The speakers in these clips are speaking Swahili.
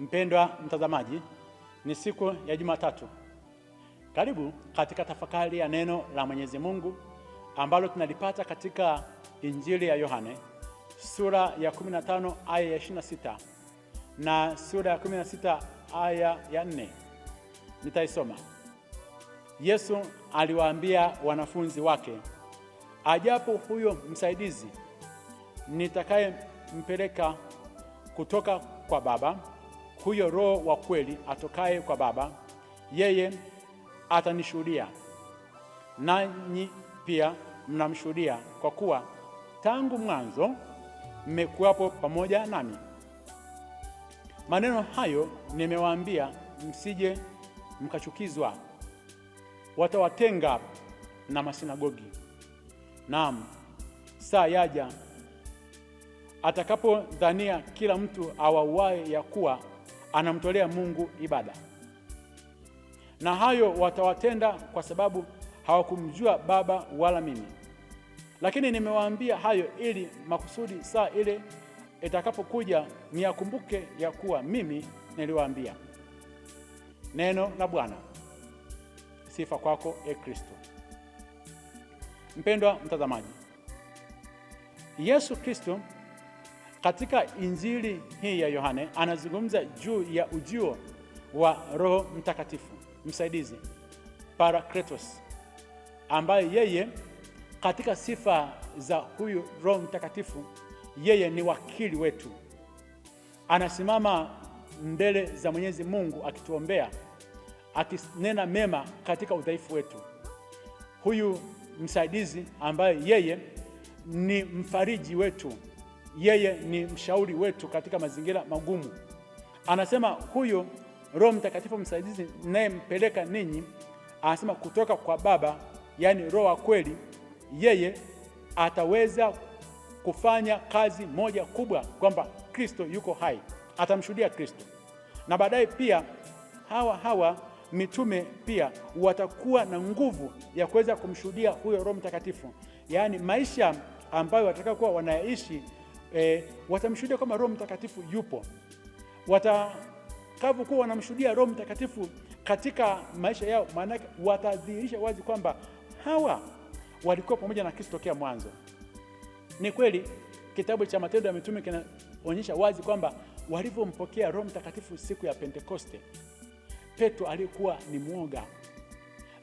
Mpendwa mtazamaji, ni siku ya Jumatatu. Karibu katika tafakari ya neno la Mwenyezi Mungu ambalo tunalipata katika Injili ya Yohane sura ya 15 aya ya 26 na sura ya 16 aya ya 4. Nitaisoma. Yesu aliwaambia wanafunzi wake, ajapo huyo msaidizi nitakayempeleka kutoka kwa Baba huyo Roho wa kweli atokaye kwa Baba, yeye atanishuhudia. Nanyi pia mnamshuhudia, kwa kuwa tangu mwanzo mmekuwapo pamoja nami. Maneno hayo nimewaambia, msije mkachukizwa. Watawatenga na masinagogi. Naam, saa yaja atakapodhania kila mtu awauaye ya kuwa anamtolea Mungu ibada, na hayo watawatenda kwa sababu hawakumjua Baba wala mimi. Lakini nimewaambia hayo ili makusudi saa ile itakapokuja niyakumbuke ya kuwa mimi niliwaambia. Neno la Bwana. Sifa kwako e Kristo. Mpendwa mtazamaji, Yesu Kristo katika Injili hii ya Yohane anazungumza juu ya ujio wa Roho Mtakatifu msaidizi, Parakletos, ambaye yeye katika sifa za huyu Roho Mtakatifu, yeye ni wakili wetu, anasimama mbele za Mwenyezi Mungu akituombea, akinena mema katika udhaifu wetu. Huyu msaidizi ambaye yeye ni mfariji wetu yeye ni mshauri wetu katika mazingira magumu. Anasema huyo Roho Mtakatifu msaidizi nayempeleka ninyi, anasema kutoka kwa Baba, yaani Roho wa kweli, yeye ataweza kufanya kazi moja kubwa, kwamba Kristo yuko hai, atamshuhudia Kristo. Na baadaye pia hawa hawa mitume pia watakuwa na nguvu ya kuweza kumshuhudia huyo Roho Mtakatifu, yaani maisha ambayo kuwa wanaishi e, watamshuhudia kwamba Roho Mtakatifu yupo, kuwa wanamshuhudia Roho Mtakatifu katika maisha yao, maanake watadhihirisha wazi kwamba hawa walikuwa pamoja na Kristo tokea mwanzo. Ni kweli kitabu cha Matendo ya Mitume kinaonyesha wazi kwamba walivyompokea Roho Mtakatifu siku ya Pentekoste, Petro aliyekuwa ni mwoga,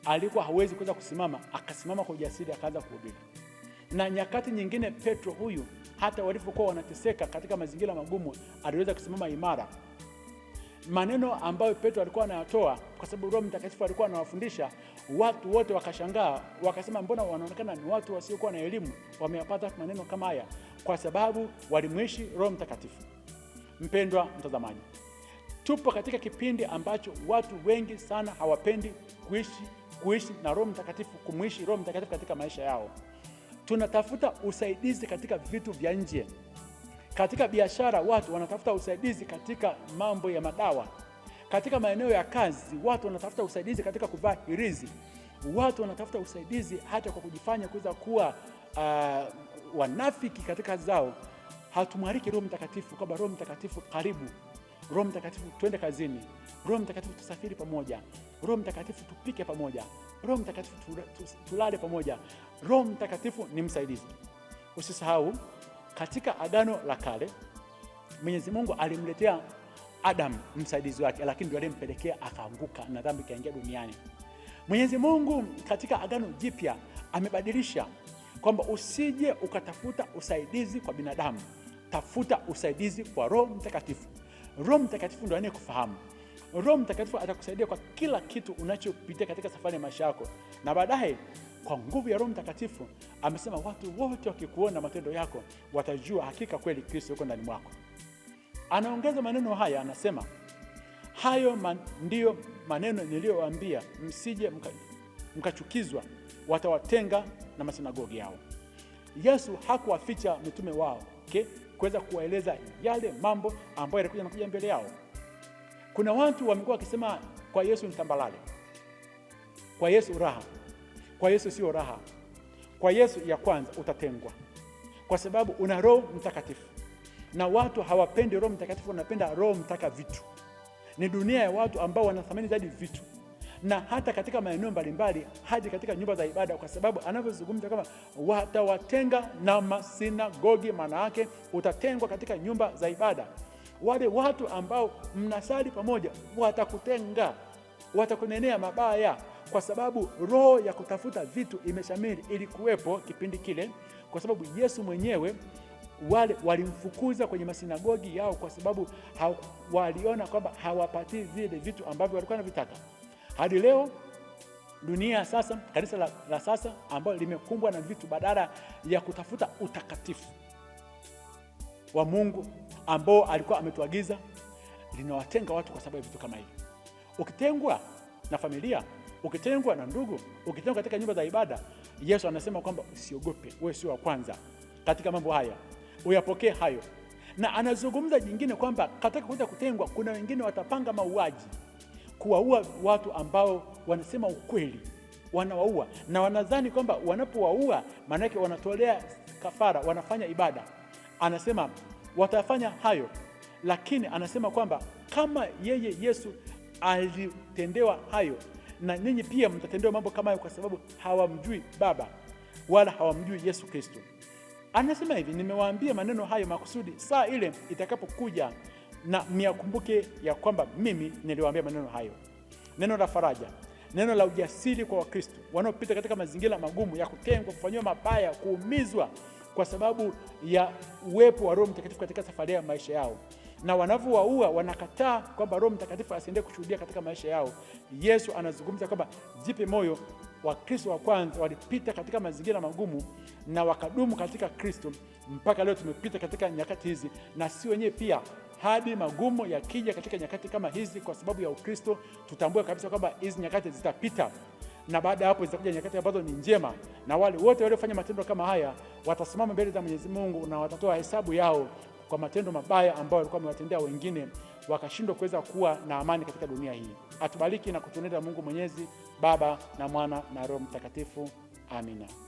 alikuwa hawezi kuweza kusimama, akasimama kwa ujasiri, akaanza kuhubiri. Na nyakati nyingine Petro huyu hata walipokuwa wanateseka katika mazingira magumu, aliweza kusimama imara. Maneno ambayo Petro alikuwa anayatoa, kwa sababu Roho Mtakatifu alikuwa anawafundisha watu wote, wakashangaa wakasema, mbona wanaonekana ni watu wasiokuwa na elimu, wameyapata maneno kama haya? Kwa sababu walimwishi Roho Mtakatifu. Mpendwa mtazamaji, tupo katika kipindi ambacho watu wengi sana hawapendi kuishi kuishi na Roho Mtakatifu, kumwishi Roho Mtakatifu katika maisha yao tunatafuta usaidizi katika vitu vya nje. Katika biashara, watu wanatafuta usaidizi katika mambo ya madawa. Katika maeneo ya kazi, watu wanatafuta usaidizi katika kuvaa hirizi. Watu wanatafuta usaidizi hata kwa kujifanya kuweza kuwa uh, wanafiki katika kazi zao. Hatumwariki Roho Mtakatifu kwamba Roho Mtakatifu karibu, Roho Mtakatifu twende kazini, Roho Mtakatifu tusafiri pamoja, Roho Mtakatifu tupike pamoja. Roho Mtakatifu tulale pamoja. Roho Mtakatifu ni msaidizi. Usisahau katika Agano la Kale Mwenyezi Mungu alimletea Adam msaidizi wake, lakini ndio alimpelekea akaanguka na dhambi kaingia duniani. Mwenyezi Mungu katika Agano Jipya amebadilisha kwamba usije ukatafuta usaidizi kwa binadamu, tafuta usaidizi kwa Roho Mtakatifu. Roho Mtakatifu ndio anayekufahamu. Roho Mtakatifu atakusaidia kwa kila kitu unachopitia katika safari ya maisha yako, na baadaye kwa nguvu ya Roho Mtakatifu amesema watu wote wakikuona matendo yako watajua hakika kweli Kristo yuko ndani mwako. Anaongeza maneno haya, anasema hayo man, ndiyo maneno niliyowaambia msije mka, mkachukizwa, watawatenga na masinagogi yao. Yesu hakuwaficha mitume wao, okay, kuweza kuwaeleza yale mambo ambayo yalikuja nakuja mbele yao. Kuna watu wamekuwa wakisema kwa Yesu nitambalale, kwa Yesu raha, kwa Yesu sio raha, kwa Yesu ya kwanza utatengwa, kwa sababu una Roho Mtakatifu na watu hawapendi Roho Mtakatifu, wanapenda roho mtaka vitu. Ni dunia ya watu ambao wanathamini zaidi vitu, na hata katika maeneo mbalimbali, hadi katika nyumba za ibada, kwa sababu anavyozungumza kama watawatenga na masinagogi, maana yake utatengwa katika nyumba za ibada wale watu ambao mnasali pamoja watakutenga, watakunenea mabaya, kwa sababu roho ya kutafuta vitu imeshamiri. Ilikuwepo kipindi kile, kwa sababu Yesu mwenyewe wale walimfukuza kwenye masinagogi yao, kwa sababu ha, waliona kwamba hawapatii vile vitu ambavyo walikuwa wanavitaka. Hadi leo dunia sasa, kanisa la, la sasa ambalo limekumbwa na vitu badala ya kutafuta utakatifu wa Mungu ambao alikuwa ametuagiza linawatenga watu kwa sababu ya vitu kama hivi. Ukitengwa na familia, ukitengwa na ndugu, ukitengwa katika nyumba za ibada, Yesu anasema kwamba usiogope, wewe sio wa kwanza katika mambo haya, uyapokee hayo. Na anazungumza jingine kwamba katika kuja kutengwa, kuna wengine watapanga mauaji, kuwaua watu ambao wanasema ukweli, wanawaua na wanadhani kwamba wanapowaua maanake wanatolea kafara, wanafanya ibada. Anasema watafanya hayo, lakini anasema kwamba kama yeye Yesu alitendewa hayo, na nyinyi pia mtatendewa mambo kama hayo, kwa sababu hawamjui Baba wala hawamjui Yesu Kristo. Anasema hivi, nimewaambia maneno hayo makusudi saa ile itakapokuja na miakumbuke ya kwamba mimi niliwaambia maneno hayo. Neno la faraja, neno la ujasiri kwa Wakristo wanaopita katika mazingira magumu ya kutengwa, kufanyiwa mabaya, kuumizwa kwa sababu ya uwepo wa Roho Mtakatifu katika safari ya maisha yao, na wanavyowaua wanakataa kwamba Roho Mtakatifu asiende kushuhudia katika maisha yao. Yesu anazungumza kwamba jipe moyo, Wakristo wa kwanza walipita katika mazingira magumu na wakadumu katika Kristo mpaka leo. Tumepita katika nyakati hizi, na si wenyewe pia hadi magumu yakija katika nyakati kama hizi, kwa sababu ya Ukristo, tutambue kabisa kwamba hizi nyakati zitapita na baada ya hapo zitakuja nyakati ambazo ni njema, na wale wote waliofanya matendo kama haya watasimama mbele za Mwenyezi Mungu na watatoa hesabu yao kwa matendo mabaya ambayo walikuwa wamewatendea wengine, wakashindwa kuweza kuwa na amani katika dunia hii. Atubariki na kutulinda Mungu Mwenyezi, Baba na Mwana na Roho Mtakatifu. Amina.